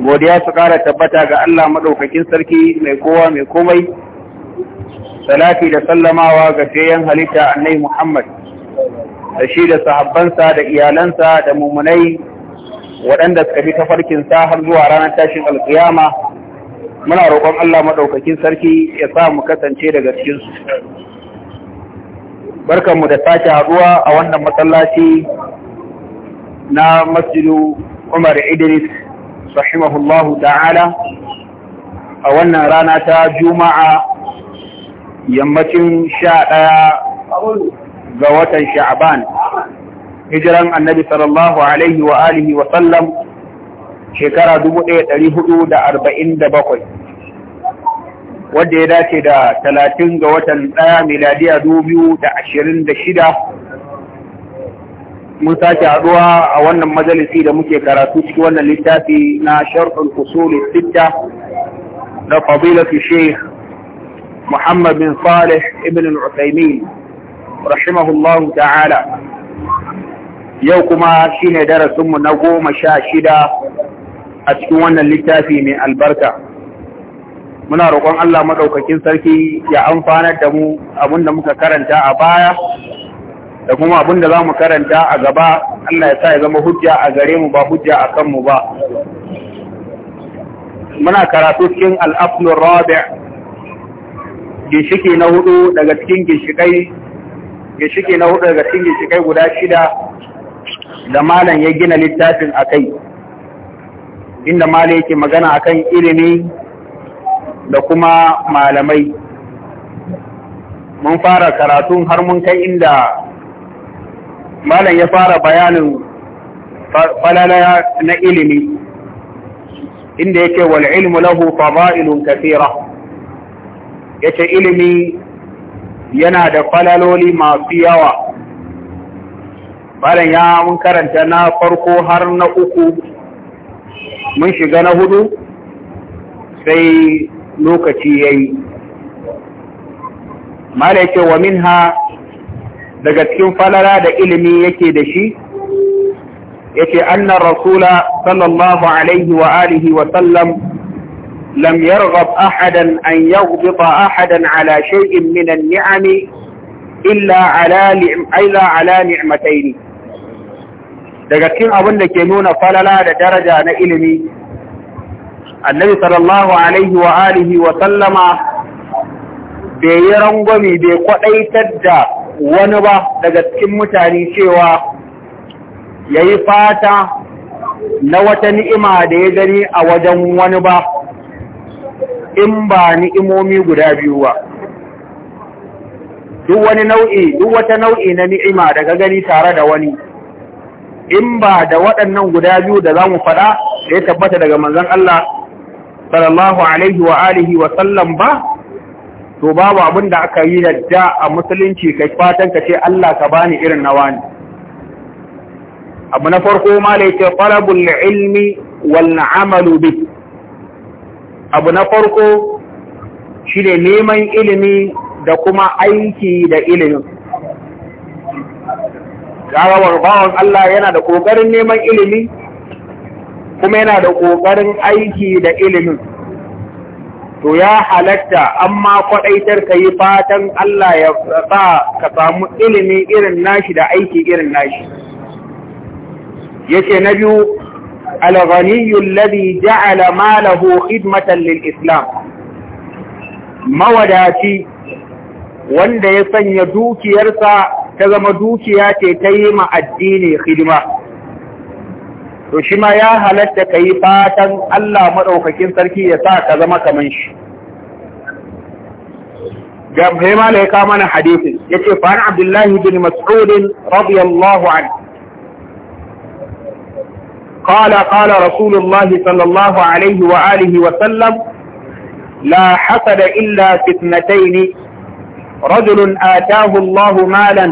godiya su ƙara tabbata ga Allah maɗaukakin sarki mai kowa mai komai, salafi da sallamawa ga fiyayen halitta annai Muhammad, da shi da sahabbansa da iyalansa da mummunai waɗanda suka bi tafarkinsa har zuwa ranar tashin alkiyama muna roƙon Allah maɗaukakin sarki ya sa mu kasance daga cikinsu. Barkanmu da sake haɗuwa a wannan masallaci na masjidu Umar Idris rahimahullahu ta'ala a wannan rana ta juma'a yammacin sha ɗaya ga watan Sha'aban, hijiran annabi sallallahu alaihi wa alihi wa sallam shekara 1447 wadda ya dace da 30 ga watan ɗaya miladiya 2026 mun sake haɗuwa a wannan majalisi da muke karatu cikin wannan littafi na sharhul usul sitta da fadilatu sheikh Muhammad bin Salih ibn al-Uthaymeen rahimahullahu ta'ala yau kuma shine darasin mu na goma sha shida a cikin wannan littafi mai albarka muna roƙon Allah madaukakin sarki ya amfanar da mu abinda muka karanta a baya da kuma abin da za mu karanta a gaba Allah ya sa ya zama hujja a gare mu ba hujja a kanmu ba muna karatu cikin al'afnur rabi ginshiki na hudu daga cikin ginshikai ginshiki na hudu daga cikin ginshikai guda shida da malam ya gina littafin a kai inda malam yake magana a kan ilimi da kuma malamai mun fara karatun har mun kai inda malam ya fara bayanin falala na ilimi inda yake wal ilmu lahu fada'ilun kathira yace ilimi yana da falaloli masu yawa malam ya mun karanta na farko har na uku mun shiga na hudu sai lokaci yayi malam wa minha daga cikin falala da ilimi yake da shi yake anna rasula sallallahu alaihi wa alihi wa sallam lam yarghab ahadan an yaghdita ahadan ala shay'in min an-ni'am illa ala illa ala ni'matayn daga cikin abin da ke nuna falala da daraja na ilimi annabi sallallahu alaihi wa alihi wa sallama bai yi rangwami bai kwadaitar da wani ba daga cikin mutane cewa ya yi fata na wata ni'ima da ya gani a wajen wani ba in ba ni'imomi guda biyu ba duk wani nau'i duk wata nau'i na ni'ima daga gani tare da wani in ba da waɗannan guda biyu da za mu faɗa da ya tabbata daga manzan Allah sallallahu alaihi wa alihi wa sallam ba to babu abin da aka yi da a musulunci ka fatan ka ce Allah ka bani irin nawa ne abu na farko ma da yake talabul ilmi wal amalu bi abu na farko shine neman ilimi da kuma aiki da ilimi garawar bawan Allah yana da ƙoƙarin neman ilimi kuma yana da ƙoƙarin aiki da ilimin to ya halatta amma kwaɗaitar ka yi fatan Allah ya sa ka samu ilimi irin nashi da aiki irin nashi yace na biyu al-ghaniyyu alladhi ja'ala malahu khidmatan lil islam mawadaci wanda ya sanya dukiyarsa ta zama dukiya ce ta yi ma addini hidima to shi ma ya halatta ka yi fatan Allah maɗaukakin sarki ya sa ka zama kaman shi. Gamhe ma ya kama na hadisin, ya ce, Fa'an Abdullahi bin Mas'udin, radiyallahu an. Kala kala Rasulullahi sallallahu Alaihi wa alihi wa sallam, La hasada illa fitnataini, rajulun atahu Allahu malan,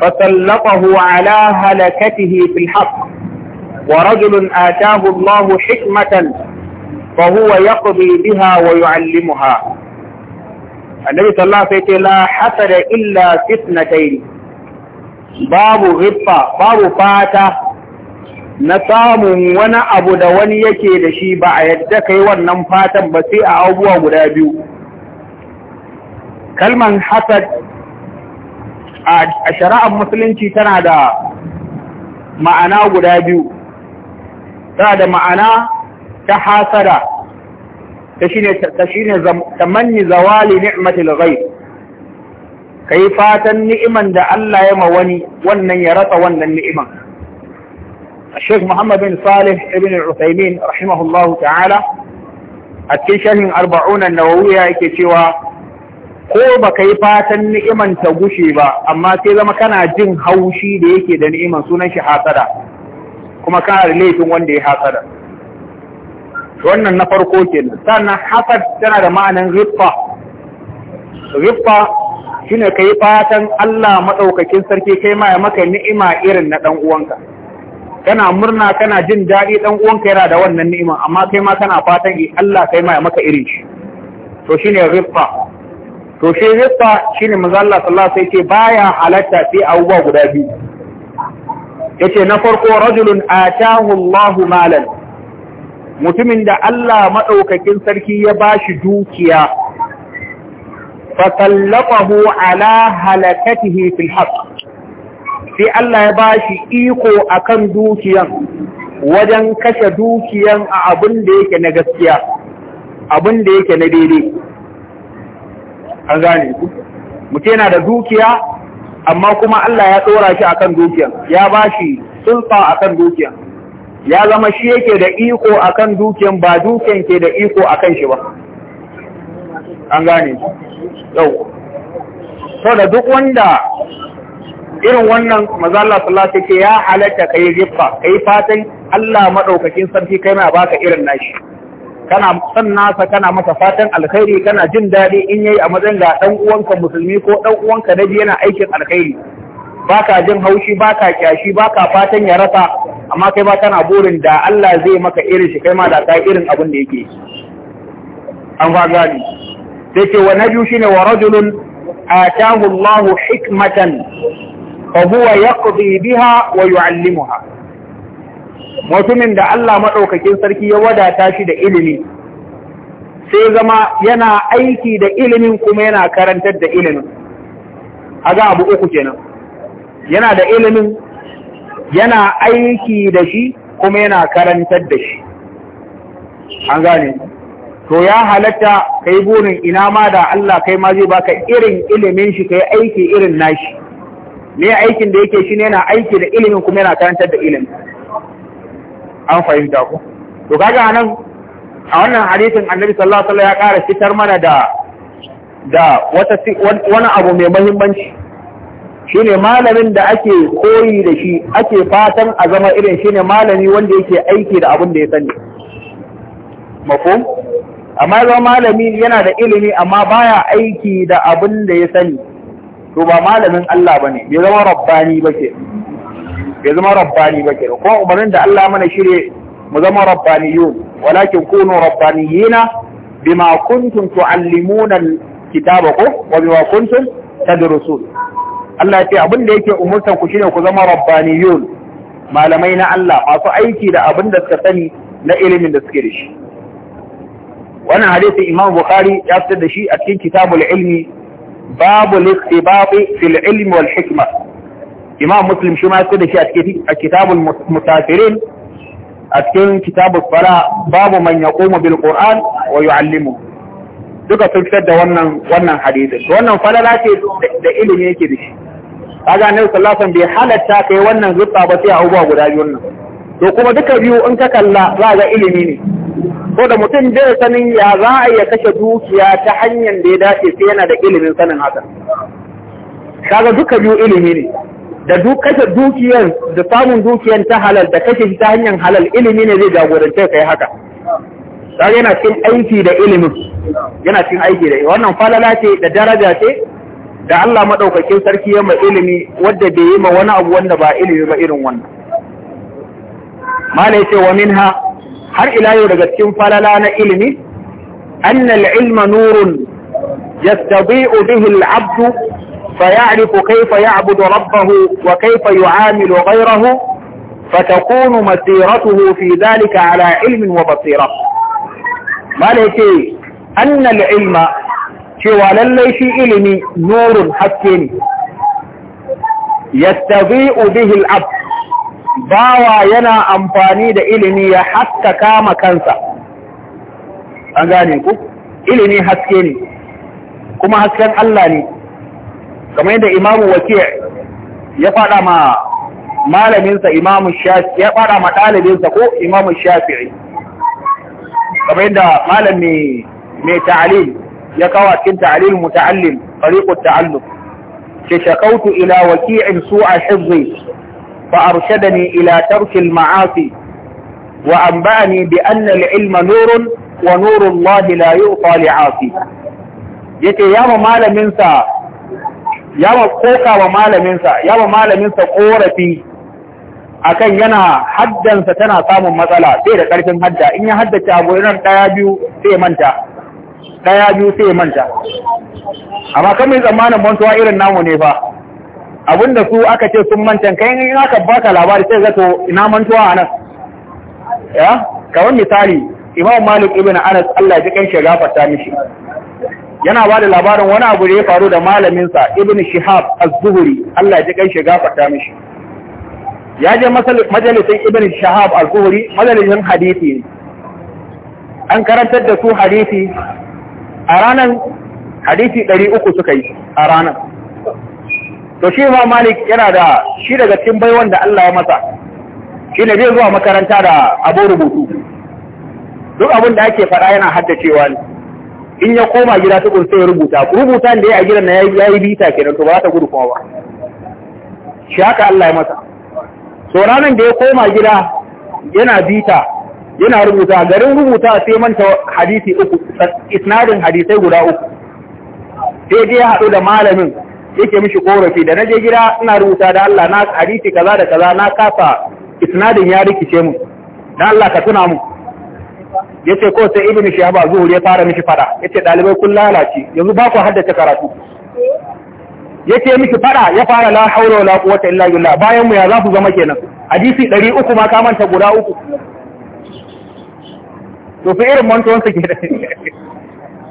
fasallafahu ala halakatihi fil haqq. ورجل آتاه الله حكمة فهو يقضي بها ويعلمها النبي صلى الله عليه وسلم لا حسد إلا فتنتين باب غبة باب فاتة نسام وانا أبو دوان يكي لشي بعيدك وانا فاتا بسيء أبو مرابيو كلمة حسد a shara'ar musulunci tana da ma'ana guda biyu ta da ma'ana ta hasada ta shine ta tamanni zawali ni'matil ghaib kai fatan ni'iman da Allah ya ma wani wannan ya rasa wannan ni'iman Sheikh Muhammad bin Salih ibn al-Uthaymeen rahimahullahu ta'ala a cikin sharhin 40 an-Nawawiyya yake cewa ko ba ka yi fatan ni'iman ta gushe ba amma sai zama kana jin haushi da yake da ni'iman sunan shi hasada kuma kana da laifin wanda ya hasada wannan na farko kenan sannan hasad tana da ma'anin riffa riffa shine kai fatan Allah madaukakin sarki kai ma ya maka ni'ima irin na dan uwanka kana murna kana jin daɗi dan uwanka yana da wannan ni'ima amma kai ma kana fatan Allah kai ma ya maka irin shi to shine riffa to shi riffa shine manzo Allah sallallahu alaihi wasallam sai ce baya halatta sai abubuwa guda biyu yace na farko rajulun atahu Allahu malan mutumin da Allah madaukakin sarki ya bashi dukiya fasallaqahu ala halakatihi fil haqq sai Allah ya bashi iko akan dukiyan wajen kashe dukiyan a abin da yake na gaskiya abin da yake na daidai an gane ku mutum yana da dukiya amma kuma Allah ya ɗora shi akan dukiyar, ya ba shi sulfa akan dukiyan ya zama shi yake da iko akan dukiyan ba dukiyan ke da iko akan shi ba an gane yau so da duk wanda irin wannan mazalla sallah take ya halatta kai rifa kai fatan Allah madaukakin sarki kai na baka irin nashi kana son nasa kana masa fatan alkhairi kana jin daɗi in yayi a matsayin ga ɗan uwanka musulmi ko ɗan uwanka na yana aikin alkhairi baka jin haushi baka kyashi baka fatan ya rasa amma kai ba kana burin da Allah zai maka irin shi kai ma da kai irin abin da yake an ba gani sai ce wa nabiyu shine wa rajulun atahu Allahu hikmatan fa huwa yaqdi biha wa yu'allimuha mutumin da Allah maɗaukakin sarki ya wadata shi da ilimi sai zama yana aiki da ilimin kuma yana karantar da ilimin ga abu uku kenan yana da ilimin yana aiki da shi kuma yana karantar da shi an gane to ya halatta kai burin ina ma da Allah kai ma zai baka irin ilimin shi kai aiki irin nashi ne aikin da yake shi ne yana aiki da ilimin kuma yana karantar da ilimin an fahimta ku to kaga anan a wannan hadisin annabi sallallahu alaihi wasallam ya kara fitar mana da da wata wani abu mai muhimmanci shine malamin da ake koyi da shi ake fatan a zama irin shine malami wanda yake aiki da abin da ya sani mafhum amma zama malami yana da ilimi amma baya aiki da abin da ya sani to ba malamin Allah bane bai zama rabbani ba ke bai zama rabbani ba kenan kuma umarnin da Allah mana shirye mu zama rabbaniyun walakin kunu rabbaniyina bima kuntum tuallimuna kitaba ko wa bima kuntum tadrusun Allah ya ce abin da yake umurtan ku shine ku zama rabbaniyun malamai na Allah masu aiki da abin da suka sani na ilimin da suke da shi wannan hadisi Imam Bukhari ya fitar da shi a cikin Kitabul Ilmi babu liqtibati fil ilmi wal hikma imam muslim shi ma da shi a kitabun mutafirin, a cikin kitabun fara babu man koma bil qur'an wa yu'allimu duka sun fitar da wannan wannan hadisin wannan falala ce da ilimi yake da shi kaga annabi sallallahu alaihi bai halatta kai wannan zubba ba sai a abubuwa guda biyu nan to kuma duka biyu in ka kalla za ga ilimi ne ko da mutum bai sanin ya za a iya kashe dukiya ta hanyar da ya dace sai yana da ilimin sanin haka kaga duka biyu ilimi ne da duk kashe dukiyar da samun dukiyar ta halal da kashe ta hanyar halal ilimi ne zai jagorance kai haka kaga yana cikin aiki da ilimin yana cikin aiki da wannan falala ce da daraja ce da Allah madaukakin sarki ya ma ilimi wadda bai yi ma wani abu wanda ba ilimi ba irin wannan malai ce wa minha har ila yau daga cikin falala na ilimi annal ilma nurun yastabi'u bihi al-'abdu فيعرف كيف يعبد ربه وكيف يعامل غيره فتكون مسيرته في ذلك على علم وبصيرة مالك أن العلم شوالا ليش علم نور حسين يستضيء به الأب باوا ينا أنفاني دا إلمي حتى كام كنسا أنزانيكو إلمي حسكيني كما حسكين ألاني kamar yadda imamu wake ya faɗa ma malaminsa imamu shafi ya faɗa ma ɗalibinsa ko imamu shafi'i kamar yadda malami mai ta'alim ya kawo cikin ta'alim muta'allim tariqut ta'allum ke shakautu ila waki'in su'a hizzi fa arshadani ila tarkil ma'asi wa anba'ani bi anna al-ilma nurun wa nuru Allah la yu'ta li'asi yace ya malamin sa yawa koka wa malaminsa yawa malaminsa korafi akan yana haddansa tana samun matsala sai da ƙarfin hadda in ya haddace abu nan ɗaya biyu sai manta ɗaya biyu sai manta amma kan mai zamanin mantuwa irin namu ne fa abinda su aka ce sun mantan kai in aka baka labari sai zato ina mantuwa a nan? ya kawai misali imam malik ibn anas Allah ya ji kan shiga fata mishi yana ba da labarin wani abu da ya faru da malaminsa ibn shihab az-zuhri Allah ya ji kai shi fata mishi ya je majalisin ibn shihab az-zuhri majalisin hadisi ne an karantar da su hadisi a ranar hadisi 300 suka yi a ranar to shi ma malik yana da shi daga cikin baiwan da Allah ya masa shi ne zai zuwa makaranta da abu rubutu duk abin da ake faɗa yana haddacewa ne in ya koma gida tukun sai ya rubuta rubuta da ya a gidan na ya yi bita kenan to ba za ta gudu kuma ba shi haka Allah ya masa so ranar da ya koma gida yana bita yana rubuta garin rubuta sai manta hadisi uku isnadin hadisai guda uku sai ya haɗu da malamin yake mishi korafi da na je gida ina rubuta da Allah na hadisi kaza da kaza na kafa isnadin ya rikice mu dan Allah ka tuna mu Ya ce ko sai shi ya ba zuhuri ya fara mishi fada ce dalibai kun lalace yanzu ba ku haddace karatu ce mishi fada ya fara la haura wala quwwata illa billah bayan mu ya za ku zama kenan hadisi 300 ma ka manta guda uku to fi irin mantuwan sa kenan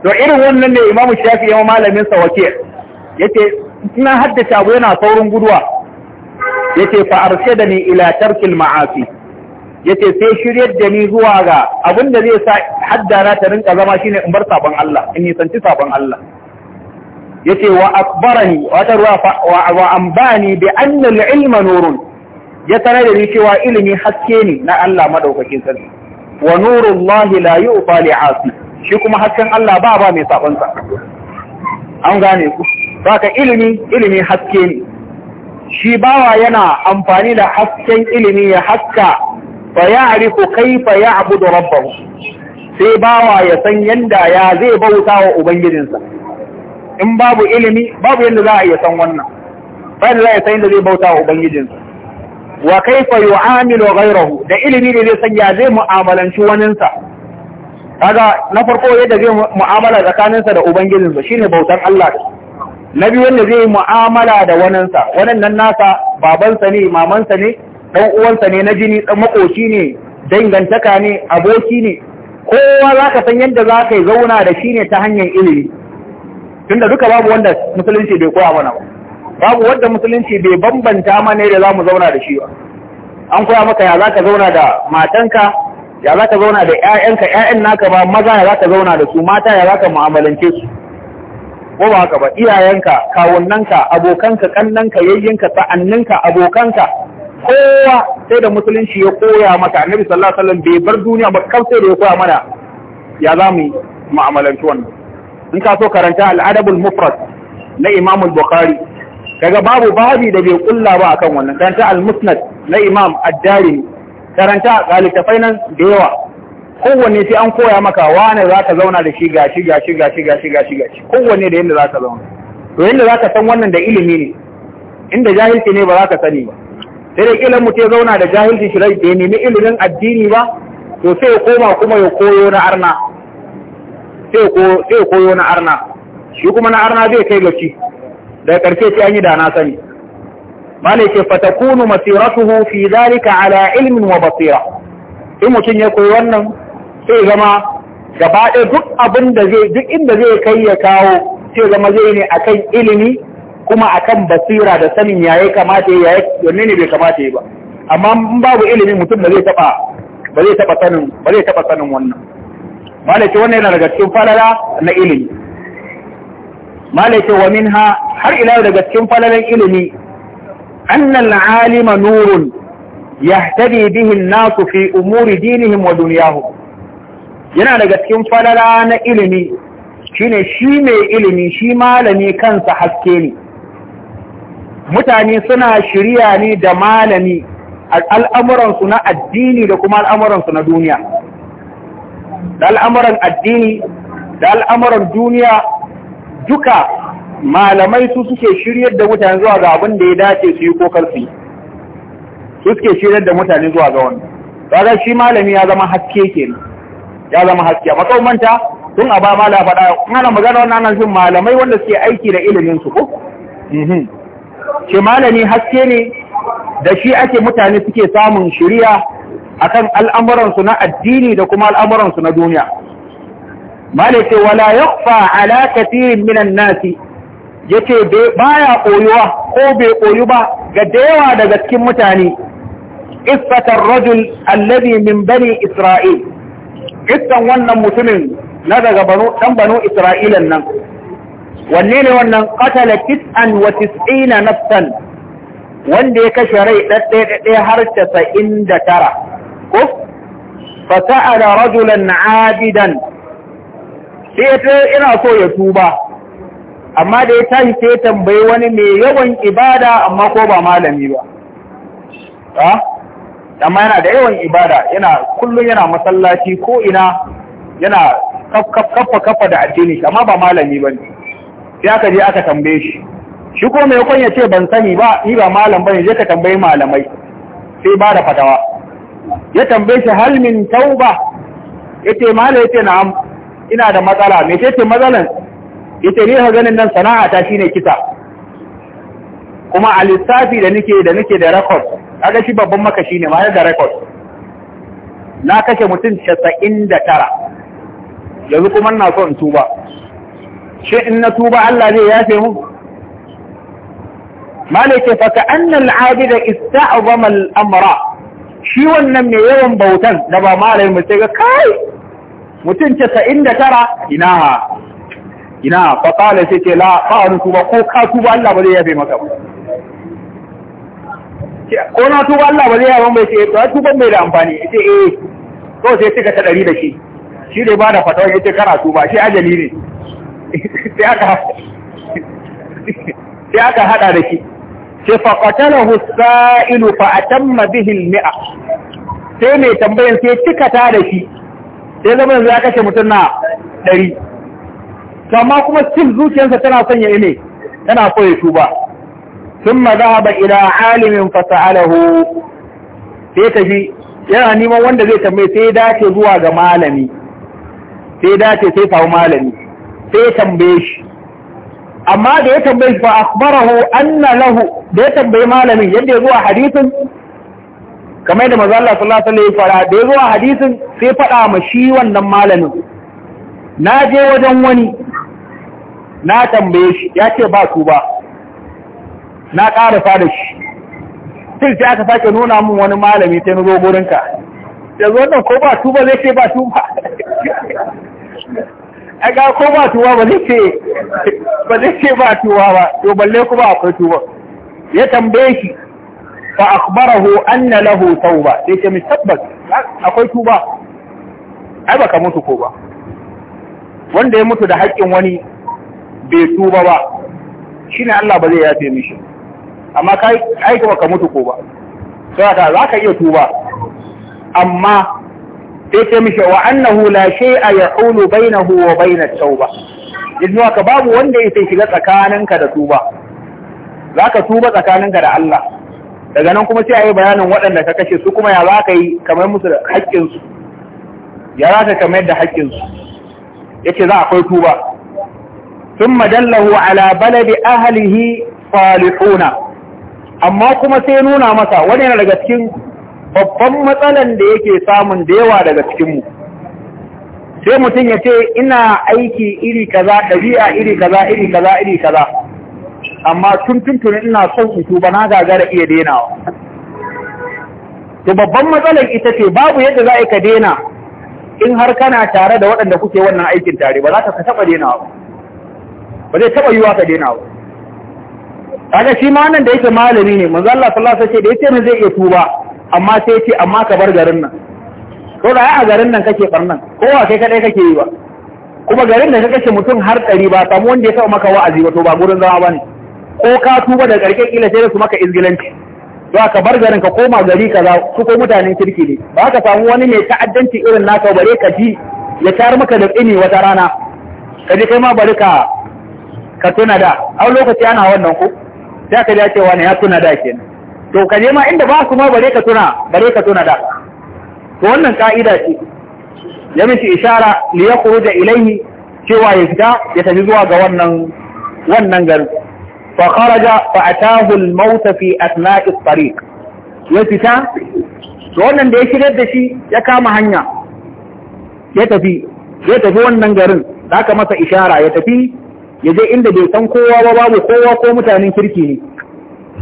to irin wannan ne imamu shafi yamma malamin sa wakil ce ina haddace abu yana saurin guduwa Ya ce fa arshadani ila tarkil ma'asi yace sai shiryar da ni zuwa ga abin da zai sa haddana ta rinka zama shine in bar sabon Allah in nisanci sabon Allah yace wa akbarani wa tarwa wa ambani bi anna ilma nurun ya sanar da ni cewa ilimi haske ne na Allah madaukakin sarki wa nurun lahi la yu'ta li'asi shi kuma hasken Allah ba ba mai sabon sa an gane ku saka ilimi ilimi haske ne shi bawa yana amfani da hasken ilimi ya haska fa ya'rifu kaifa ya'budu rabbahu sai bawa ya san yanda ya zai bauta wa ubangijinsa in babu ilimi babu yanda za a iya san wannan Ba yanda za a san yanda zai bauta wa ubangijinsa wa kaifa wa Gairahu, da ilimi ne zai san ya zai mu'amalanci waninsa kaga na farko yadda zai mu'amala tsakaninsa da ubangijinsa ne bautar Allah na biyu wanda zai mu'amala da waninsa wannan nan nasa babansa ne mamansa ne ɗan uwansa ne na jini ɗan makoci ne dangantaka ne aboki ne kowa za ka san yadda za ka yi zauna da shi ne ta hanyar ilimi tunda duka babu wanda musulunci bai koya mana ba babu wanda musulunci bai bambanta mana da za mu zauna da shi ba an koya maka ya za ka zauna da matanka ya za ka zauna da 'ya'yanka 'ya'yan naka ba maza ya za ka zauna da su mata ya za ka mu'amalance su ko ba haka ba iyayenka kawunnanka abokanka kannanka yayyinka, sa'anninka abokanka kowa sai da musulunci ya koya maka annabi sallallahu alaihi wasallam bai bar duniya ba kawai sai da ya koya mana ya za mu mu'amalanci wannan in ka so karanta al'adabul mufrad na imam al-bukhari kaga babu babi da bai kulla ba akan wannan karanta al-musnad na imam ad-darimi karanta galifai nan da yawa kowanne sai an koya maka wane za ka zauna da shi gashi gashi gashi gashi gashi gashi kowanne da yadda za ka zauna to yadda za ka san wannan da ilimi ne inda jahilci ne ba za ka sani ba sai dai ilimin mutum ya zauna da jahilci shi rai ya nemi ilimin addini ba to sai ya koma kuma ya koyo na arna sai ya koyo na arna shi kuma na arna zai kai gaci daga karshe sai an yi da na sani malai ce fatakunu masiratuhu fi zalika ala ilmin wa basira in mutum ya koyi wannan sai zama gaba ɗaya duk abin da zai duk inda zai kai ya kawo sai zama zai ne akan ilimi kuma akan basira da sanin yayi kamata yayi wanne ne bai kamata yi ba amma babu ilimi mutum ba zai taba ba zai taba sanin ba zai taba sanin wannan malaka wannan yana daga cikin falala na ilimi malaka wa minha har ila daga cikin falalan ilimi annal alima nurun yahtadi bihi an-nasu fi umuri dinihim wa dunyahum yana daga cikin falala na ilimi shine shi mai ilimi shi malami kansa haske ne mutane suna shirya ne da malami al'amuransu na addini da kuma al'amuransu na duniya da al'amuran addini da al'amuran duniya duka malamai su suke shirya da mutane zuwa ga abin da ya dace su yi ko karfi su suke shirya da mutane zuwa ga wani ƙarar shi malami ya zama haske ke ya zama haske Masau manta tun a ba mala faɗa ana magana wannan nan malamai wanda suke aiki da ilimin su ko mhm. shi malami haske ne da shi ake mutane suke samun shiriya kan al'amuransu na addini da kuma al'amuransu na duniya malaka wala fa alaƙa kathirin minan nasi ya ce yace ya ƙoyuwa ko bai ƙoyu ba ga dayawa daga cikin mutane qissatar rajul allabi min bani isra'il qissan wannan mutumin na daga ɗan banu isra'ilan nan wanne ne wannan qatala tis'an wa tis'ina nafsan wanda ya kashe rai ɗaɗɗe har casa'in da tara ko da rajulan abidan sai ya ina so ya tuba amma da ya tashi sai ya tambayi wani mai yawan ibada amma ko ba malami ba ha amma yana da yawan ibada yana kullum yana masallaci ko ina yana kafa kafa da addini amma ba malami ba ne. sai aka je aka tambaye shi shi ko mai kwanya ce ban sani ba ni ba malam bane je ka tambayi malamai sai ba da fatawa ya tambaye shi hal min tauba yace malam yace na'am ina da matsala me ce matsalan yace ni ha ganin nan sana'a ta shine kisa kuma a lissafi da nake da nake da record kaga shi babban maka shine ma da record na kashe mutum 99 yanzu kuma ina so in tuba shi in na tuba Allah zai yafe mu malaka fa ka annal abida ista'zama al-amra shi wannan mai yawan bautan da ba malai mu sai ga kai mutum 99 ina ina fa qala sai ce la fa an tuba ko ka tuba Allah ba zai yafe maka ba ko na tuba Allah ba zai yafe mai ce to tuba mai da amfani ce eh to sai tuka ta dari da shi shi dai ba da fatawa yace kana tuba shi ajali ne sai aka hada da shi sai faƙatana husa'ilu fa'atan mabihin mi'a sai mai tambayin sai cikata da shi sai zama yanzu ya kashe mutum na ɗari kama kuma cin zuciyarsa tana sanya ime tana koya tuba sun maza ba ila alimin alahu sai ta shi yana neman wanda zai tambaye sai dace zuwa ga malami sai dace sai faru malami sai ya tambaye shi amma da ya tambaye shi ba akhbarahu anna lahu da ya tambaye malamin yadda ya zuwa hadisin kamar da manzo Allah sallallahu alaihi wasallam fara da ya zuwa hadisin sai faɗa ma shi wannan malamin na je wajen wani na tambaye shi ya ce ba su ba na ƙara da shi sai sai aka sake nuna mun wani malami sai zo gurinka yanzu wannan ko ba su ba zai ce ba su ba a ga ko ba tuwa ba zai ce ba zai ce ba tuwa ba to balle kuma akwai tuwa ya tambaye shi fa akhbarahu anna lahu tauba sai ce tabbas akwai tuba ai baka mutu ko ba wanda ya mutu da haƙƙin wani bai tuba ba shine Allah ba zai yafe mishi amma kai ai ka baka mutu ko ba sai ka za ka iya tuba amma sai ce mishi wa annahu la shay'a yahulu bainahu wa bainat tauba idan ka babu wanda yake shiga tsakaninka da tuba zaka tuba tsakaninka da Allah daga nan kuma sai ayi bayanin waɗanda ka kashe su kuma ya zaka yi kamar musu da haƙƙin su ya ka kamar da haƙƙin su yace za akwai tuba thumma dallahu ala baladi ahlihi salihuna amma kuma sai nuna masa wani daga cikin babban matsalan da yake samun da yawa daga cikinmu sai mutum ya ce ina aiki iri kaza ɗabi'a iri kaza iri kaza iri kaza amma tun tuntun ina son su ba na gagara iya denawa to babban matsalan ita ce babu yadda za ka dena in har kana tare da waɗanda kuke wannan aikin tare ba za ka taɓa denawa ba zai taɓa yiwa ka denawa kaga shi ma nan da yake malami ne manzo Allah sallallahu alaihi wasallam da yace ne zai iya tuba amma sai yace amma ka bar garin nan to da a garin nan kake barnan kowa kai kadai kake yi ba kuma garin da kake mutum har ɗari ba samu wanda ya sa maka wa'azi ba to ba gurin zama bane ko ka tuba da karke kila sai su maka izgilanci to ka bar garin ka koma gari kaza su ko mutanen kirki ne ba ka samu wani mai ta'addanci irin naka bare ka ji ya tar maka da tsini wata rana ka ji kai ma bari ka ka tuna da a lokaci ana wannan ko sai aka ja cewa ne ya tuna da kenan to ka je ma inda ba su ma bare ka tuna bare ka tuna da to wannan ka'ida ce ya miki ishara li yakhruja ilayhi cewa ya fita ya tafi zuwa ga wannan wannan garin fa kharaja fa atahu al-maut fi athna'i at ya fita to wannan da ya shigar da shi ya kama hanya ya tafi ya tafi wannan garin da aka masa ishara ya tafi ya je inda bai san kowa ba babu kowa ko mutanen kirki ne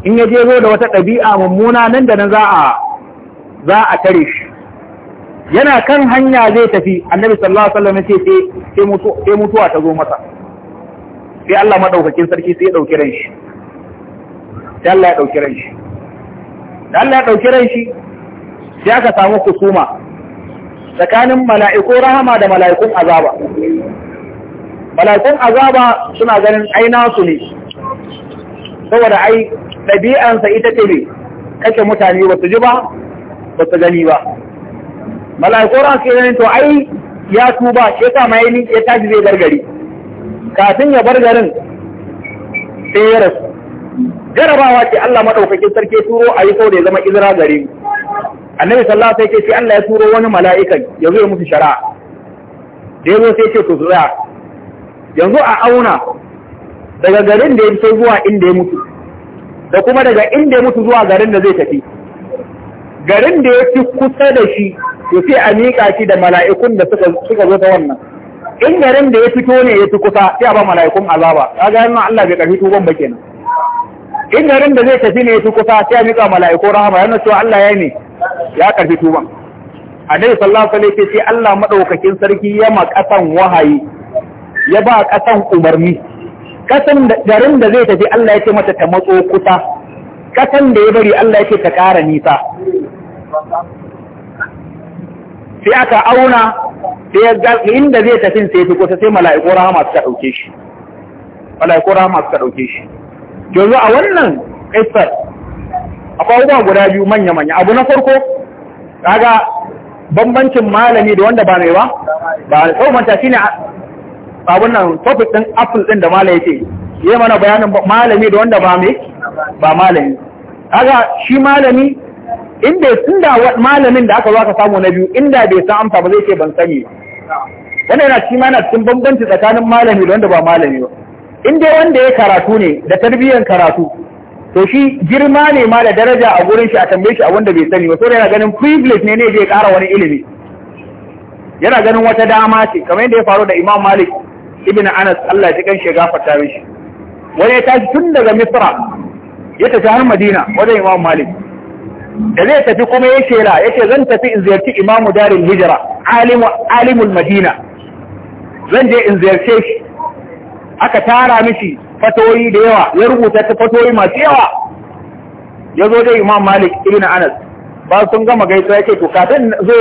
in ya je zo da wata ɗabi'a mummuna nan da nan za a za a tare shi yana kan hanya zai tafi annabi sallallahu alaihi wasallam sai sai mutuwa ta zo masa sai Allah madaukakin sarki sai ya dauki ran shi sai Allah ya dauki ran shi da Allah ya dauki ran shi sai aka samu kusuma tsakanin mala'iku rahama da mala'ikun azaba malakun azaba suna ganin aina su ne saboda ai ɗabi'ansa ita ce ne kashe mutane ba su ji ba ba su gani ba malakun ran suke to ai ya tuba ya sa ma ya taji zai gargari kafin ya bar garin sai ya rasu jarabawa ce Allah maɗaukakin sarki turo a yi da ya zama izira gare mu annabi sallallahu alaihi wasallam sai ce Allah ya turo wani mala'ikan ya zo musu shari'a da ya zo sai ce to tsaya yanzu a auna daga garin da ya fito zuwa inda ya mutu da kuma daga inda ya mutu zuwa garin da zai tafi garin da ya fi kusa da shi to sai a miƙa shi da mala'ikun da suka zo ta wannan in garin da ya fito ne ya fi kusa sai a ba mala'ikun azaba ga yana Allah bai karfi tuban ba kenan in garin da zai tafi ne ya fi kusa sai a miƙa mala'ikun rahama yana cewa Allah ya ne ya karfi tuban dai sallallahu alaihi wasallam sai Allah madaukakin sarki ya makasan wahayi ya ba ƙasan umarni ƙasan garin da zai tafi Allah ya ce mata ta matso kusa ƙasan da ya bari Allah ya ce ta ƙara nisa sai aka auna sai inda zai tafi sai fi kusa sai mala'iku rahama suka ɗauke shi mala'iku rahama suka ɗauke shi yanzu a wannan ƙasar akwai abubuwa guda biyu manya-manya abu na farko kaga bambancin malami da wanda ba mai ba ba alƙawar manta shine abun nan topic din apple din da malami yake yayi mana bayanin malami da wanda ba mai ba malami kaga shi malami inda tunda malamin da aka zo aka samu na biyu inda bai san amsa ba zai ce ban sani ba wannan yana shi ma yana cikin bambanci tsakanin malami da wanda ba malami ba in wanda ya karatu ne da tarbiyyar karatu to shi girma ne ma da daraja a gurin shi a tambaye shi a wanda bai sani ba saboda yana ganin privilege ne ne zai kara wani ilimi yana ganin wata dama ce kamar yadda ya faru da Imam Malik ibn Anas Allah ya kan shiga fata mishi wani ya tashi tun daga Misra ya tafi har Madina wajen Imam Malik da zai tafi kuma ya shela ya ce zan tafi in ziyarci Imamu Darul hijira alimu alimul Madina zan je in ziyarce shi aka tara mishi fatoyi da yawa ya rubuta ta fatoyi masu yawa ya zo dai Imam Malik ibn Anas ba sun gama gaisuwa ya ce to kafin zo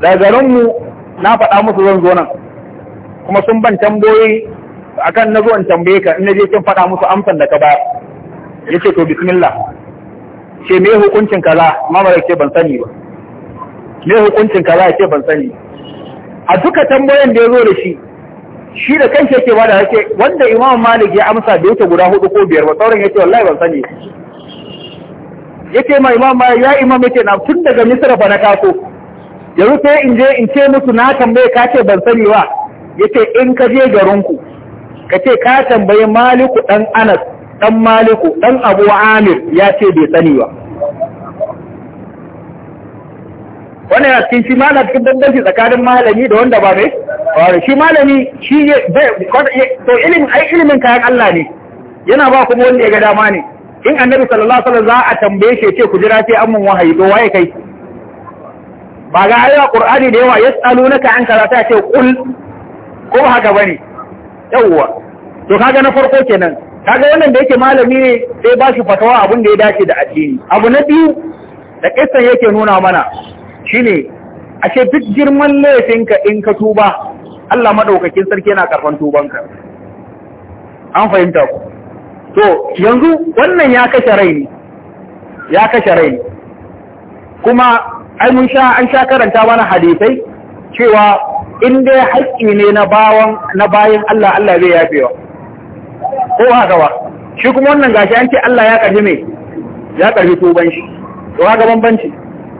da garinmu na faɗa musu zan zo nan kuma sun ban tamboyi akan na zuwan tambaye ka ina na je kin faɗa musu amsan da ka ba ya ce to bismillah ce me hukuncin kaza mamara ce ban sani ba me hukuncin kaza ce ban sani a duka tambayoyin da ya zo da shi shi da kanshi yake ba da yake wanda imam malik ya amsa da yake guda hudu ko biyar ba sauran yake wallahi ban sani yake ma imam malik ya imam yake na tun daga misra fa na kaso yanzu sai in je in ce musu na tambaye ka ce ban sani ba Ya ce, in ka je garinku ka ce ka tambayi maliku dan anas dan maliku dan abu amir ya ce bai sani ba Wani ya cikin shi malam cikin dandanci tsakanin malami da wanda ba mai wani shi malami shi ne to ilimin ai ilimin kayan Allah ne yana ba kuma wanda ya ga dama ne in annabi sallallahu alaihi wasallam za a tambaye shi ce ku jira sai an mun wahayi to waye kai ba ga ayoyi Qur'ani da yawa yas'alunaka an kaza ta ce kul. ko ba haka bane yauwa to kaga na farko kenan kaga wannan da yake malami ne sai ba shi fatawa abin da ya dace da addini abu na biyu da kissan yake nuna mana shine ashe duk girman laifinka in ka tuba Allah madaukakin sarki yana karfan tubanka an fahimta ku to yanzu wannan ya kashe rai ne ya kashe rai kuma ai mun sha an sha karanta mana hadisai cewa in dai haƙƙi ne na bayan Allah Allah zai wa? ko haka ba shi kuma wannan gashi an ce Allah ya karfi mai ya karfi tuban shi to haka bambanci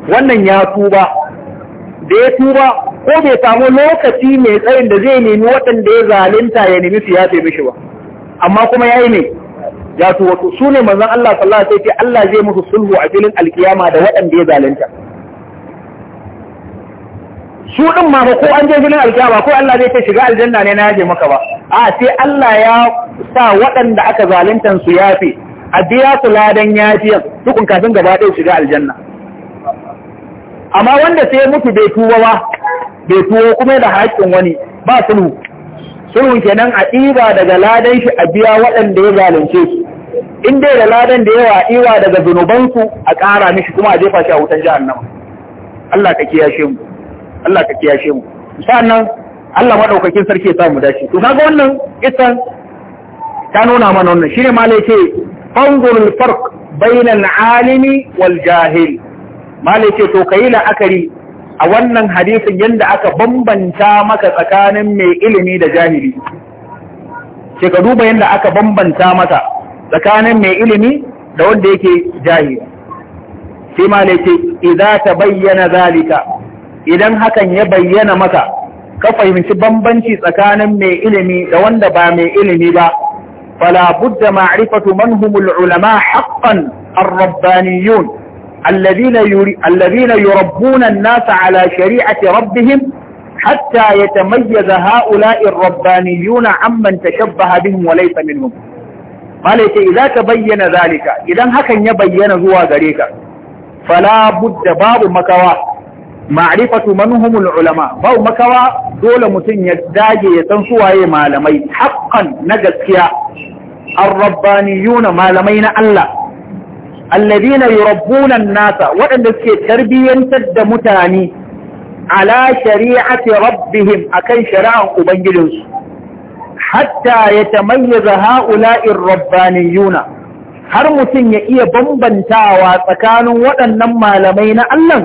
wannan ya tuba da ya tuba ko bai samu lokaci mai tsayin da zai nemi waɗanda ya zalunta ya nemi su ya fi mishi ba amma kuma ya yi ne ya tuba su ne manzon Allah sallallahu alaihi wasallam Allah zai musu sulhu a filin alkiyama da waɗanda ya zalunta su ɗin ma ko an je filin alkiyama ko Allah zai ce shiga aljanna ne na yaje maka ba a sai Allah ya sa waɗanda aka zaluntan su yafe a biya su ladan yafiya dukun kafin gaba ɗaya shiga aljanna amma wanda sai mutu bai tuba ba bai tuwo kuma da haƙƙin wani ba sulhu sulhun kenan a ɗiba daga ladan shi a biya waɗanda ya zalunce su in dai da ladan da yawa ɗiba daga zunubansu a ƙara mishi kuma a jefa shi a wutan jihar nama. Allah ka kiyashe mu Allah ka kiyashe mu sannan Allah madaukakin sarki ya sa mu dace to kaga wannan isan ta nuna mana wannan shine ma lai ce fangurul farq bainal alimi wal jahil ma lai ce to kai la'akari a wannan hadisin yanda aka bambanta maka tsakanin mai ilimi da jahili ce ka duba yadda aka bambanta maka tsakanin mai ilimi da wanda yake jahili sai ma ne ce idza tabayyana zalika idan hakan ya bayyana maka ka fahimci bambanci tsakanin mai ilimi da wanda ba mai ilimi ba fala budda ma'rifatu man humul ulama haqqan ar-rabbaniyun alladhina yuri alladhina yurabbuna an-nasa ala shari'ati rabbihim hatta yatamayyaza ha'ula'i ar-rabbaniyuna amman tashabbaha bihim wa laysa minhum malaita idza zalika idan hakan ya bayyana zuwa gare ka fala budda babu makawa ma'rifatu man humul ulama ba makawa dole mutum ya dage ya san suwaye malamai haqqan na gaskiya ar-rabbaniyuna malamai na Allah alladhina yurabbuna an-nasa waɗanda suke tarbiyyantar da mutane ala shari'ati rabbihim akan shari'ar ubangijinsu hatta yatamayyaza ha'ula'ir rabbaniyuna har mutum ya iya bambantawa tsakanin waɗannan malamai na Allah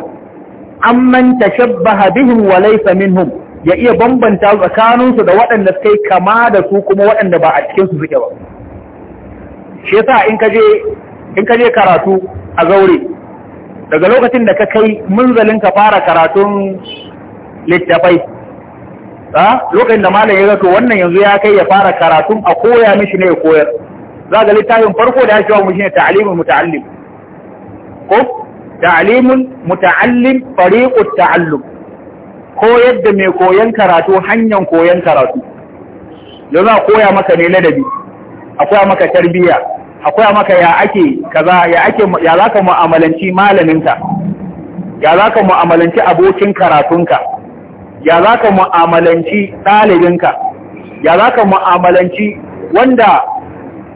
amman tashabbaha bihim wa laysa minhum ya iya bambanta tsakanin su da waɗanda suka yi kama da su kuma waɗanda ba a cikin su suke ba shi yasa in kaje in kaje karatu a zaure daga lokacin da ka kai munzalin ka fara karatun littafai a lokacin da malam ya zato wannan yanzu ya kai ya fara karatun a koya mishi ne ya koyar za ga littafin farko da ya shawo mu shine ta'limul muta'allim ko ta'limun muta'allim fariqut ta'allum koyar da mai koyan karatu hanyar koyan karatu yanzu a koya maka ne ladabi a koya maka tarbiyya a koya maka ya ake kaza ya ake ya zaka mu'amalanci malaminka ya zaka mu'amalanci abokin karatunka ya zaka mu'amalanci ɗalibinka ya zaka mu'amalanci wanda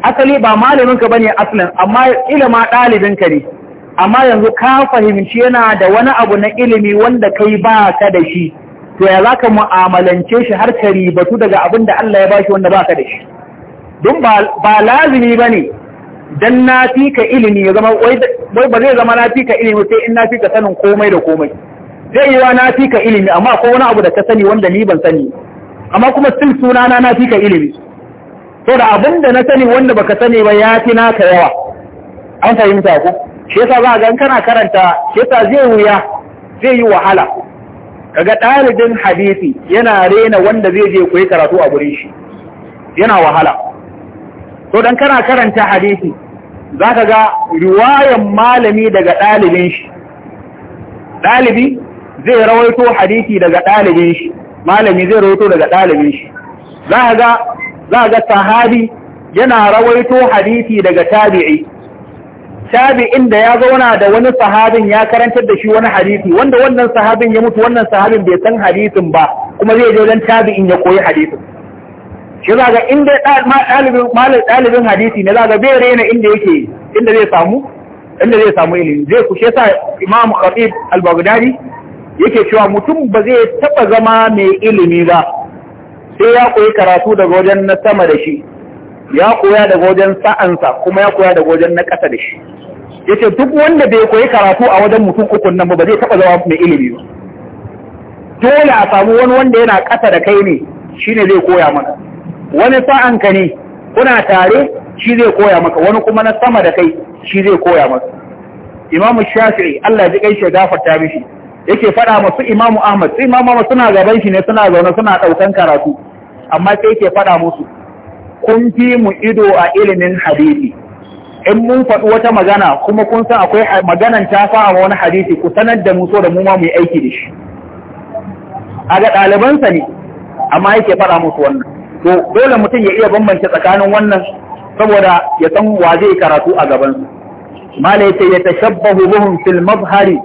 asali ba malaminka bane aslan amma ilima ɗalibinka ne amma yanzu ka fahimci yana da wani abu na ilimi wanda kai ba ka da shi to ya za ka mu'amalance shi har ka batu daga abin da Allah ya bashi wanda ba ka da shi don ba lazimi ba ne don na fi ka ilimi ya zama wai ba zai zama na fi ka ilimi sai in na fi ka sanin komai da komai zai yi wa na fi ka ilimi amma akwai wani abu da ka sani wanda ni ban sani amma kuma sun sunana na fi ka ilimi to da abin da na sani wanda baka sani ba ya fi naka yawa an fahimta ku shi yasa za ga kana karanta shi yasa zai wuya zai yi wahala kaga ɗalibin hadisi yana rena wanda zai je koyi karatu a gurin shi yana wahala to dan kana karanta hadisi za ka ga riwayan malami daga ɗalibin shi ɗalibi zai rawaito hadisi daga ɗalibin shi malami zai rawaito daga ɗalibin shi za ka ga sahabi yana rawaito hadisi daga tabi'i tabi'in da ya zauna da wani sahabin ya karantar da shi wani hadisi wanda wannan sahabin ya mutu wannan sahabin bai san hadisin ba kuma zai je wajen tabi'in ya koyi hadisin shi za ga inda ɗalibin hadisi ne za ga bai rena inda yake inda zai samu inda zai samu ilimi zai kushe sa imam khatib al-baghdadi yake cewa mutum ba zai taba zama mai ilimi ba sai ya koyi karatu daga wajen na sama da shi ya koya daga wajen sa'ansa kuma ya koya daga wajen na ƙasa da shi yace duk wanda bai koyi karatu a wajen mutum ukun nan ba zai taba zama mai ilimi ba dole a samu wani wanda yana ƙasa da kai ne shine zai koya maka wani sa'an ka ne kuna tare shi zai koya maka wani kuma na sama da kai shi zai koya maka imamu shafi'i Allah ji kai shi gafarta mishi yake faɗa masu imamu ahmad sai imamu ahmad suna gaban shi ne suna zaune suna ɗaukan karatu amma sai yake faɗa musu kun fi mu ido a ilimin hadisi in mun faɗi wata magana kuma kun san akwai maganan ta sa wani hadisi ku sanar da mu so da mu ma mu yi aiki da shi a ga ɗalibansa ne amma yake faɗa musu wannan to dole mutum ya iya bambance tsakanin wannan saboda ya san wa zai karatu a gabansa mala yace ya tashabbahu bihum fil mazhari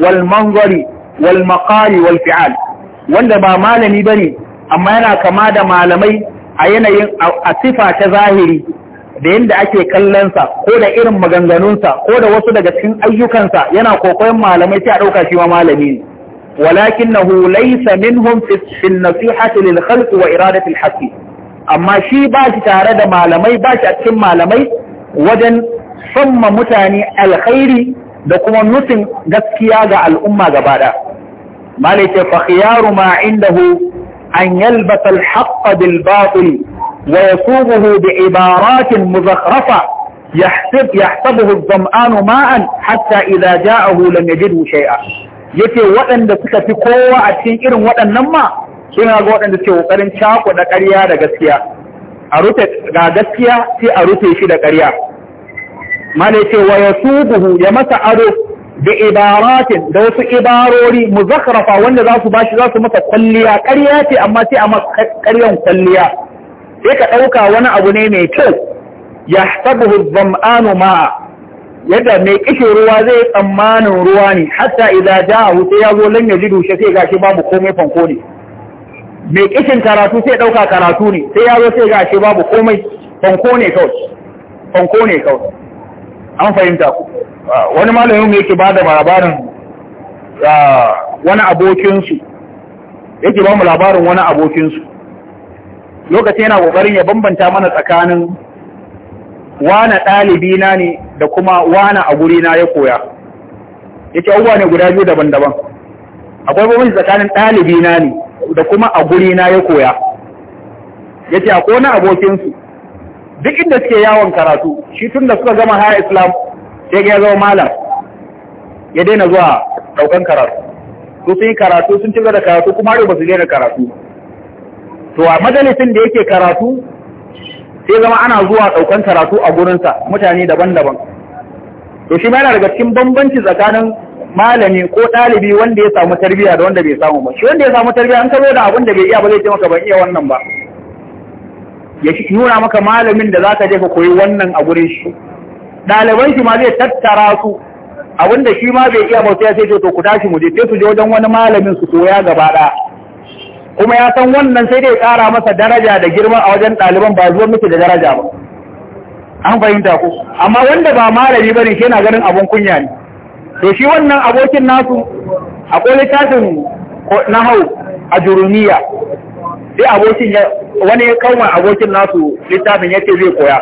wal manzari wal maqali wal fi'al wanda ba malami bane amma yana kama da malamai a yanayin a sifa ta zahiri da yadda ake kallonsa ko da irin maganganunsa ko da wasu daga cikin ayyukansa yana kokoyin malamai sai a ɗauka shi ma malami ne walakinahu laysa minhum fi nasihati lil wa iradatul al amma shi ba shi tare da malamai ba shi a cikin malamai wajen samma mutane alkhairi da kuma nufin gaskiya ga al'umma gaba da malai ce fa khiyaru ma indahu an yalbasa al haqq bil batil ويصوبه بعبارات مزخرفة يحسب يحسبه الظمآن ماء حتى إذا جاءه لم يجده شيئا yake waɗanda suka fi kowa a cikin irin waɗannan ma suna ga waɗanda ke ƙoƙarin da ƙarya da gaskiya a rufe ga gaskiya sai a rufe shi da ƙarya mala ce wa ya subuhu ya masa ado da ibaratin da wasu ibarori muzakhrafa wanda za su bashi za su masa kwalliya ƙarya ce amma sai a masa ƙaryan kwalliya sai ka ɗauka wani abu ne mai kyau ya sabuhu zam'anu ma'a yadda mai kishin ruwa zai tsammanin ruwa ne hatta idan ja a wuce ya zo lan ya ji dushe sai gashi babu komai fanko ne mai kishin karatu sai ɗauka karatu ne sai ya zo sai gashi babu komai fanko ne kawai fanko ne kawai an fahimta ku wani malamin yake ba da labarin ah, wani abokinsu yake ba mu labarin wani abokinsu Lokaci yana kokarin ya bambanta mana tsakanin wana ɗalibi na ne da kuma wane a guri na ya koya yake abubuwa ne guda biyu daban-daban akwai bambanci tsakanin ɗalibi na ne da kuma a guri na ya koya yake a kona abokinsu duk inda suke yawon karatu shi tun da suka gama haya islam sai ya zama malam ya daina zuwa ɗaukan karatu su sun yi karatu sun ci da karatu kuma har ba su daina karatu to a majalisin da yake karatu sai zama ana zuwa ɗaukan karatu a gurinsa mutane daban-daban to shi ma yana daga cikin bambanci tsakanin malami ko ɗalibi wanda ya samu tarbiyya da wanda bai samu ba shi wanda ya samu tarbiyya an karo da abin da bai iya ba zai ce maka ban iya wannan ba ya shi nuna maka malamin da zaka je ka koyi wannan a gurin shi daliban shi ma zai tattara su abin da shi ma bai iya ba sai ya ce to ku tashi mu je sai su je wajen wani malamin su koya gaba daya kuma ya san wannan sai dai ƙara masa daraja da girma a wajen ɗaliban ba zuwa miki da daraja ba an fahimta ku amma wanda ba malami bane shi yana ganin abun kunya ne to shi wannan abokin nasu a ko littafin nahau a jurumiya sai abokin ya wani ya kauma abokin nasu littafin yace zai koya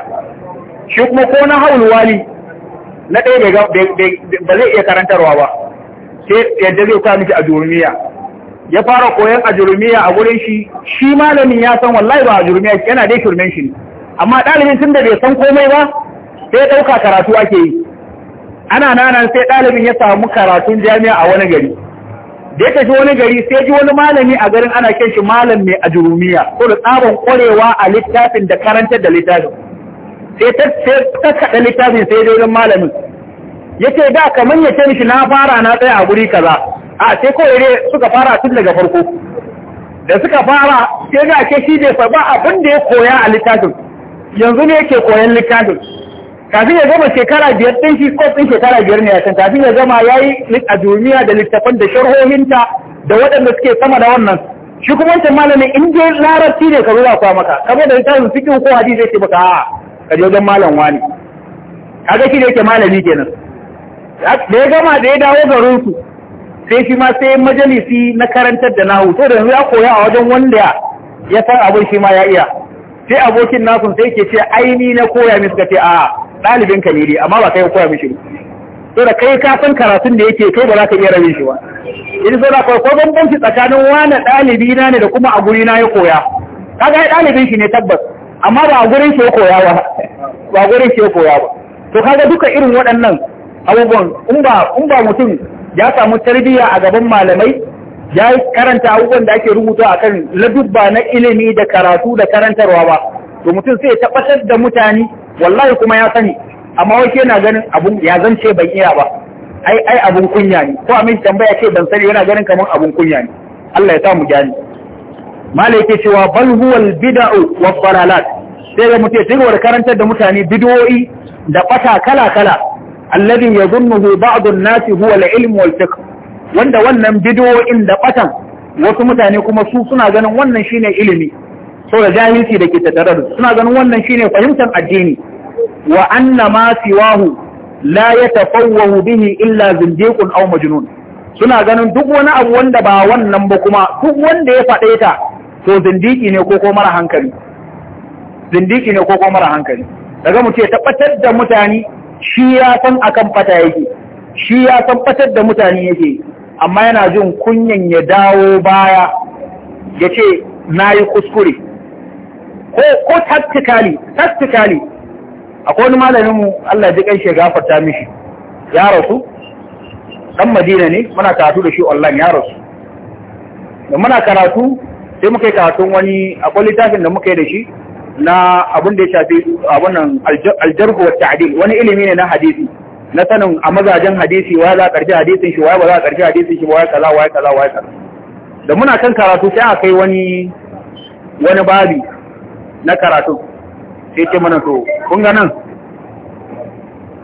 shi kuma ko na hau wali na ɗaya ba zai iya karantarwa ba sai yadda zai kwa miki a jurumiya ya fara koyon ajurumiya a gurin shi shi malamin ya san wallahi ba ajurumiya yana dai shirmen shi amma ɗalibin tun da bai san komai ba sai ɗauka karatu ake yi ana nanan sai ɗalibin ya samu karatun jami'a a wani gari da ya tafi wani gari sai ji wani malami a garin ana kyan shi malam mai ajurumiya ko da tsabon ƙwarewa a littafin da karantar da littafin sai ta kaɗa littafin sai dai malamin ya ce da kamar ya ce mishi na fara na tsaya a guri kaza a sai kawai ne suka fara tun daga farko da suka fara sai ga ke shi ne ba abin da ya koya a littafin yanzu ne yake koyan littafin kafin ya zama shekara biyar ɗin shi ko ɗin shekara biyar ne ya kafin ya zama ya yi a duniya da littafan da sharhohinta da waɗanda suke sama da wannan shi kuma wancan malamin in je larabci ne ka zuwa kwa maka kamar da littafin fikin ko hadisi zai ce maka a'a ka je wajen malam wani kaga shi ne yake malami kenan da ya gama da ya dawo su sai shi ma sai majalisi na karantar da nahu to da ya koya a wajen wanda ya san abin shi ma ya iya sai abokin nasu sai ke ce aini na koya min suka ce a ɗalibin ka ne dai amma ba kai koya mishi to da kai ka san karatun da yake kai ba za ka iya rabin shi ba idan sai da ko bambanci tsakanin wani ɗalibi na ne da kuma a guri na ya koya kaga ai ɗalibin shi ne tabbas amma ba a gurin shi ya koya ba ba gurin shi ya koya ba to kaga duka irin waɗannan abubuwan in ba in ba mutum ya samu tarbiyya a gaban malamai ya karanta abubuwan da ake rubuta a kan ladubba na ilimi da karatu da karantarwa ba to mutum sai ya tabbatar da mutane wallahi kuma ya sani amma wake yana ganin abun ya zance ban iya ba ai ai abun kunya ne ko amin tambaya ce ban sani yana ganin kamar abun kunya ne Allah ya sa mu gani malai yake cewa bal huwal bid'u was dalalat sai da mutum ya karantar da mutane bid'o'i da fata kala kala Alladin yadhunnuhu ba'd an-nasi huwa al-ilm wal fiqh wanda wannan bidiyoyin da batan wasu mutane kuma su suna ganin wannan shine ilimi saboda jahilci da ke tattare da suna ganin wannan shine fahimtar addini wa anna ma siwahu la yatafawwahu bihi illa zindiqun aw majnun suna ganin duk wani abu wanda ba wannan ba kuma duk wanda ya faɗe ta to zindiki ne ko ko mara hankali zindiki ne ko ko mara hankali daga mu ce tabbatar da mutane shi ya san akan fata yake shi ya san fatar da mutane yake amma yana jin kunyan ya dawo baya ya ce na yi kuskure ko tactically tactically akwai wani malaminmu Allah ji ƙanshi shiga fata mishi ya rasu ɗan madina ne muna karatu da shi online ya rasu da muna karatu sai muka yi karatun wani akwai littafin da muka yi da shi na abin da ya shafi abunan aljarhu wa ta'dil wani ilimi ne na hadisi na sanin a mazajen hadisi wa za a hadisin shi wa ba za a hadisin shi wa kaza wa kaza wa kaza da muna kan karatu sai akai yi wani wani babi na karatu sai ce mana to kun ga nan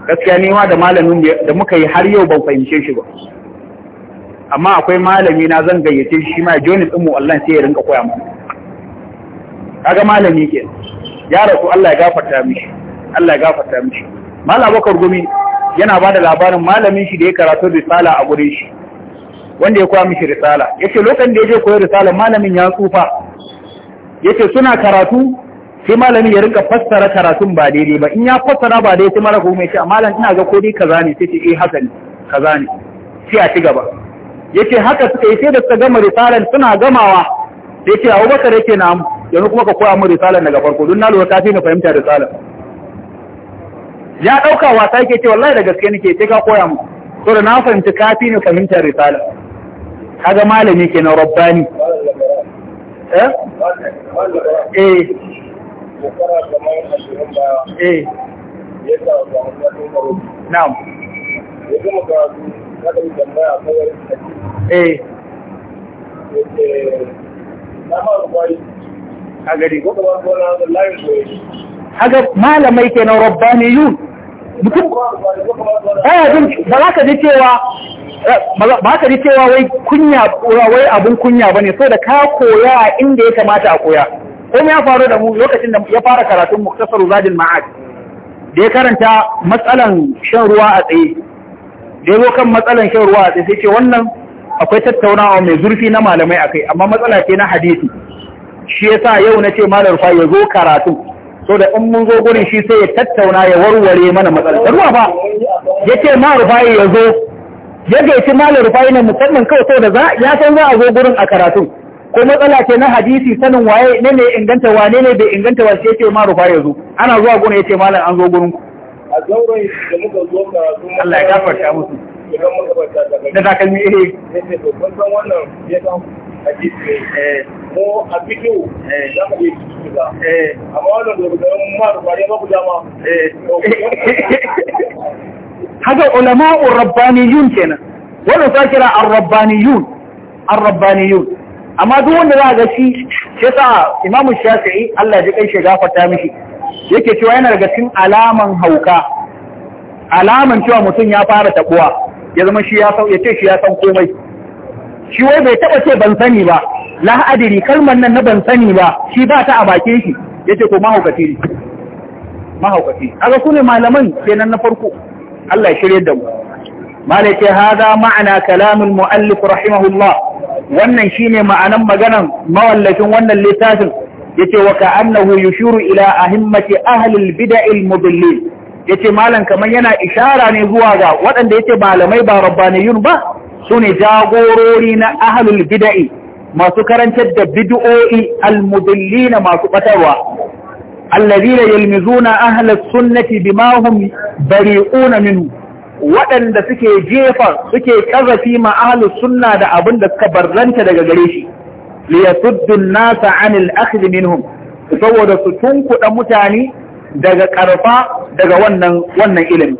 gaskiya ne ma da malamin da muka yi har yau ban fahimce shi ba amma akwai malami na zan gayyace shi ma jonis din mu Allah sai ya rinka koya mana kaga malami ke ya rasu Allah ya gafarta mishi Allah ya gafarta mishi malam Bakar Gumi yana ba da labarin malamin shi da ya karatu risala a gurin shi wanda ya koya mishi risala yace lokacin da ya je koyar risala malamin ya tsufa yace suna karatu sai malamin ya rinka fassara karatun ba daidai ba in ya fassara ba daidai sai mara kuma yace malam ina ga ko dai kaza ne sai ce eh haka ne kaza ne sai a ci gaba yace haka suka yi sai da suka gama risalan suna gamawa sai ce Abubakar yake na yanzu kuma ka koya mu risalan daga farko don na lura ka fi na fahimta risalan ya ɗauka wasa yake ce wallahi da gaske nake sai ka koya mu to da na fahimci ka fi na fahimta risalan kaga malami ke na rabbani eh eh eh na'am eh, eh. a gari haka malamai kenan rabbaniyun mutum baya jin eh, ba za ka ji cewa eh, ba ka ji cewa wai kunya wai abun kunya bane so da ka koya a inda ya kamata a koya kuma ya faru da mu lokacin da ya fara karatun muktasar zadin ma'ad da ya karanta matsalan shan ruwa a tsaye da ya kan matsalan shan ruwa a tsaye sai ce wannan akwai tattaunawa mai zurfi na malamai akai amma matsala ce na hadisi shi ya sa yau na ce malar fa ya zo karatu so da in mun zo gurin shi sai ya tattauna ya warware mana matsalar ruwa ba ya ce malar fa ya zo ya gaici malar fa na musamman kawai so da za ya san za a zo gurin a karatu ko matsala ce na hadisi sanin waye ne ne inganta wa ne ne bai inganta wa sai ce malar fa ya zo ana zuwa gurin ya ce malar an zo gurin ku a zauren da muka zo karatu Allah ya gafarta musu idan muka bata da takalmi eh sai to kun san wannan ya mu a fito za mu iya fito ba amma wannan da rubuta yin ma haka ulama'ur rabbaniyun kenan wannan sa kira ar-rabbaniyun ar amma duk wanda za a ga shi shi sa imamu shafi'i Allah ji kai shi ga gafarta mishi yake cewa yana daga cikin alaman hauka alaman cewa mutum ya fara tabuwa ya zama shi ya san ya ce shi ya san komai shi wai bai taɓa ce ban sani ba la adiri kalmar nan na ban sani ba shi ba ta a bakin shi yace ko mahaukaci ne mahaukaci kaga ku ne malaman kenan na farko Allah ya shirye da mu malaka hada ma'ana kalamul muallif rahimahullah wannan shine ma'anan maganan mawallafin wannan littafin yace wa ka'annahu yushiru ila ahimmati ahli al-bid'il mudallil yace malan kaman yana ishara ne zuwa ga waɗanda yace malamai ba rabbaniyun ba su ne jagorori na ahalul bida'i masu karantar da bid'o'i almudillina masu batarwa allazina yalmizuna ahlus sunnati bima hum bari'una minhu waɗanda suke jefa suke kazafi ma ahlus sunna da abin da suka barranta daga gare shi liyasuddu an-nasa 'anil akhdh minhum saboda su tunkuɗa mutane daga ƙarfa daga wannan wannan ilimi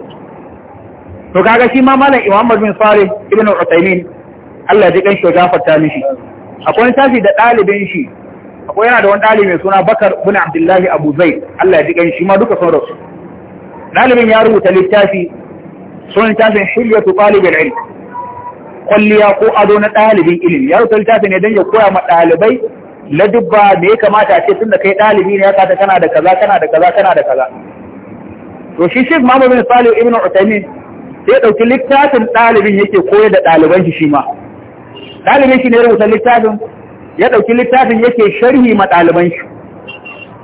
to kaga shi ma malam Muhammad bin sare ibn Uthaymeen Allah ya ji kan shi gafarta mishi akwai tafi da dalibin shi akwai yana da wani dalibi mai suna Bakar bin Abdullahi Abu Zaid Allah ya ji kan shi ma duka sun rasu dalibin ya rubuta littafi sunan tafin hilyatu talibul ilm kulliya ko ado na dalibin ilimi ya rubuta littafi ne dan ya koya ma dalibai ladubba me ya kamata a ce tunda kai dalibi ne ya kata kana da kaza kana da kaza kana da kaza to shi Sheikh Muhammad bin Salih ibn Uthaymeen sai ɗauki littafin ɗalibin yake koyar da ɗaliban shi shi ma ɗalibin shi ne rubuta littafin ya ɗauki littafin yake sharhi ma ɗaliban shi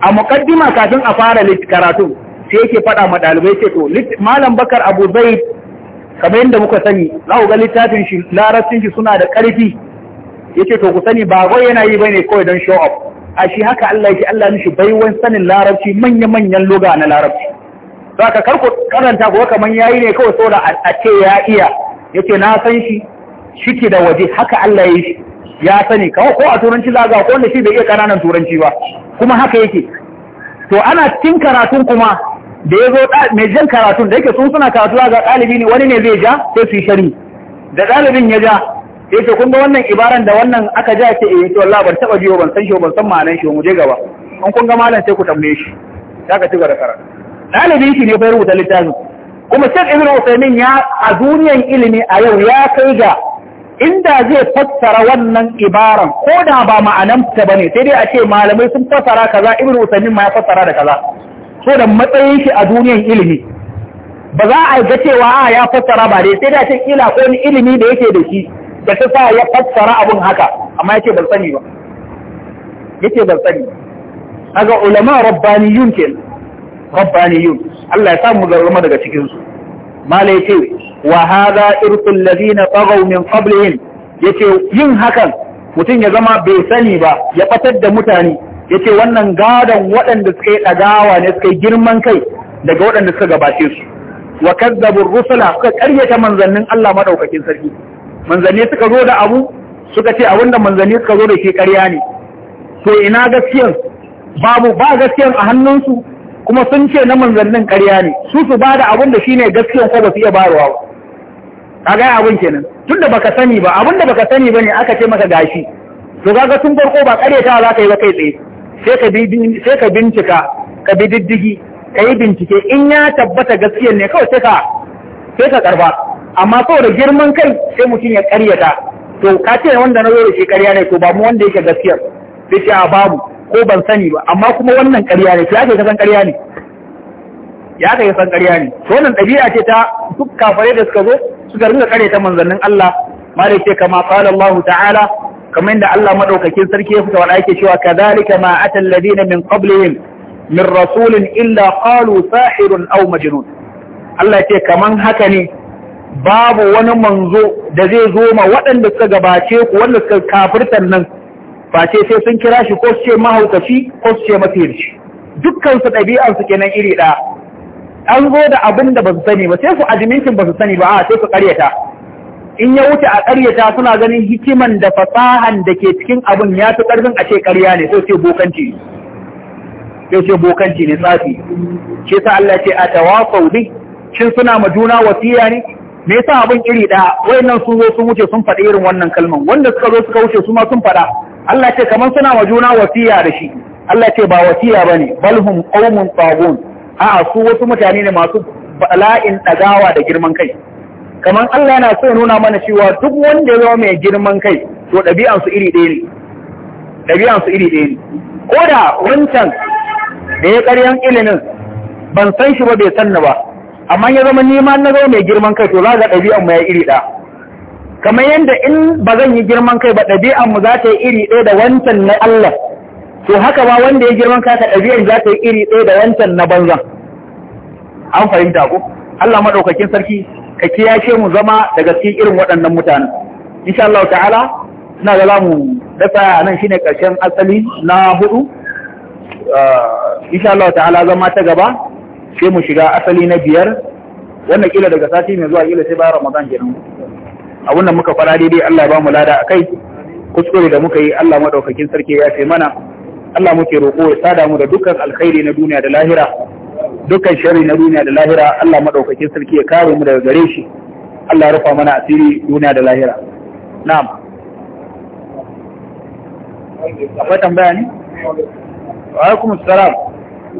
a muƙaddima kafin a fara karatu sai yake faɗa ma ɗalibai ce to malam bakar abu zai kamar yadda muka sani za ku ga littafin shi larabcin shi suna da ƙarfi yake to ku sani ba wai yana yi bane kawai don show up a shi haka Allah yake Allah mishi baiwan sanin larabci manya-manyan loga na larabci za ka ku karanta kuwa kamar ya yi ne kawai so da a ce ya iya ya ce na san shi shiki da waje haka Allah ya yi ya sani kawai ko a turanci zaga ko wanda shi bai iya kananan turanci ba kuma haka yake to ana cikin karatun kuma da ya zo mai jan karatun da yake sun suna karatu zaga ɗalibi ne wani ne zai ja sai su yi shari da ɗalibin ya ja ya ce kun ga wannan ibaran da wannan aka ja ce eh to Allah ban taba jiyo ban san shi ban san ma'anar shi mu je gaba an kun ga malam sai ku tambaye shi zaka ci gaba da karatu ɗalibin shi ne bai rubuta littafin kuma shek ibn usaimin ya a duniyan ilimi a yau ya kai ga inda zai fassara wannan ibaran ko da ba ma'anan ta bane sai dai a ce malamai sun fassara kaza ibn usaimin ma ya fassara da kaza so da matsayin shi a duniyan ilimi ba za a ga cewa a ah, ya fassara ba dai sai dai a ce kila ko ni ilimi da yake da shi da ta sa ya fassara abun haka amma yake ban sani ba yake ban sani kaga ulama rabbaniyun kenan rabbaniyun Allah ya samu garma daga cikin su mala yace wa hadha irqul ladina taghaw min Ya ce yin hakan mutum ya zama bai sani ba ya fatar da mutane yace wannan gadon waɗanda suka yi ɗagawa ne suka yi girman kai daga waɗanda suka gabace su wa kazzabu rusula suka ta manzannin Allah maɗaukakin sarki manzanni suka zo da abu suka ce abinda manzanni suka zo da shi ƙarya ne to ina gaskiyan babu ba gaskiyan a hannunsu kuma sun ce na manzannin karya ne su su ba da abin da shine gaskiyan ko ba su iya bayarwa ba gaya abin kenan tun da baka sani ba abin da baka sani ba ne aka ce maka gashi to kaga tun farko ba ta za ka yi ba kai tsaye sai ka bincika ka bi diddigi ka yi bincike in ya tabbata gaskiyan ne kawai sai ka karba amma saboda girman kai sai mutum ya ƙaryata to ka ce wanda na zo da shi ƙarya ne to ba mu wanda yake gaskiyar sai ce babu ko ban sani ba amma kuma wannan ƙarya ne ya kai san ƙarya ne ya kai san ƙarya ne wannan ɗabi'a ce ta duk kafare da suka zo suka rinka ƙare ta manzannin Allah malai ce kama qala Allah ta'ala kamar inda Allah madaukakin sarki ya fita wa yake cewa kadhalika ma atal ladina min qablihim min rasulin illa qalu sahirun aw majnun Allah ce kaman haka ne babu wani manzo da zai zo ma waɗanda suka gabace ku wanda suka kafirtan nan face sai sun kira shi ko su ce mahaukaci ko su ce mafirci dukkan su ɗabi'ar su kenan iri ɗaya an zo da abin da ba su sani ba sai su admintin ba su sani ba a sai su ƙaryata in ya wuce a ƙaryata suna ganin hikiman da fasahan da ke cikin abin ya fi ƙarfin a ce ƙarya ne sai ce bokanci sai ce bokanci ne tsafi sa Allah ce a tawafau ne shin suna ma juna wasiya ne me yasa abin iri ɗaya wayannan sun zo sun wuce sun faɗi irin wannan kalman wanda suka zo suka wuce su ma sun faɗa Allah ce kamar suna wa juna wasiya da shi Allah ce ba wasiya bane balhum qaumun tagun a'a su wasu mutane ne masu bala'in dagawa da girman kai kamar Allah yana so nuna mana cewa duk wanda ya zama mai girman kai to ɗabi'an su iri ɗaya ne ɗabi'an su iri ɗaya ne ko da wancan da ya ƙaryan ilimin ban san shi ba bai san ba amma ya zama nima na zama mai girman kai to za ga ɗabi'an mu ya iri ɗaya kamar yadda in ba zan yi girman kai ba ɗabi'an mu za ta yi iri ɗaya da wancan na Allah to haka ba wanda ya girman kai ka ɗabi'an za ta yi iri ɗaya da wancan na banzan an fahimta ko Allah maɗaukakin sarki ka kiyace mu zama daga cikin irin waɗannan mutanen insha Allah ta'ala ina ga lamu dasa nan shine karshen asali na hudu ah, insha Allah ta'ala zama ta gaba sai mu shiga asali na biyar wannan kila daga sati mai zuwa kila sai bayan Ramadan kenan abinda muka fara daidai Allah ba mu lada a kai kuskure da muka yi Allah madaukakin sarki ya ce mana Allah muke roƙo ya sada mu da dukkan alkhairi na duniya da lahira dukkan sharri na duniya da lahira Allah madaukakin sarki ya kare mu daga gare shi Allah rufa mana asiri duniya da lahira na'am akwai tambaya ne wa alaikum assalam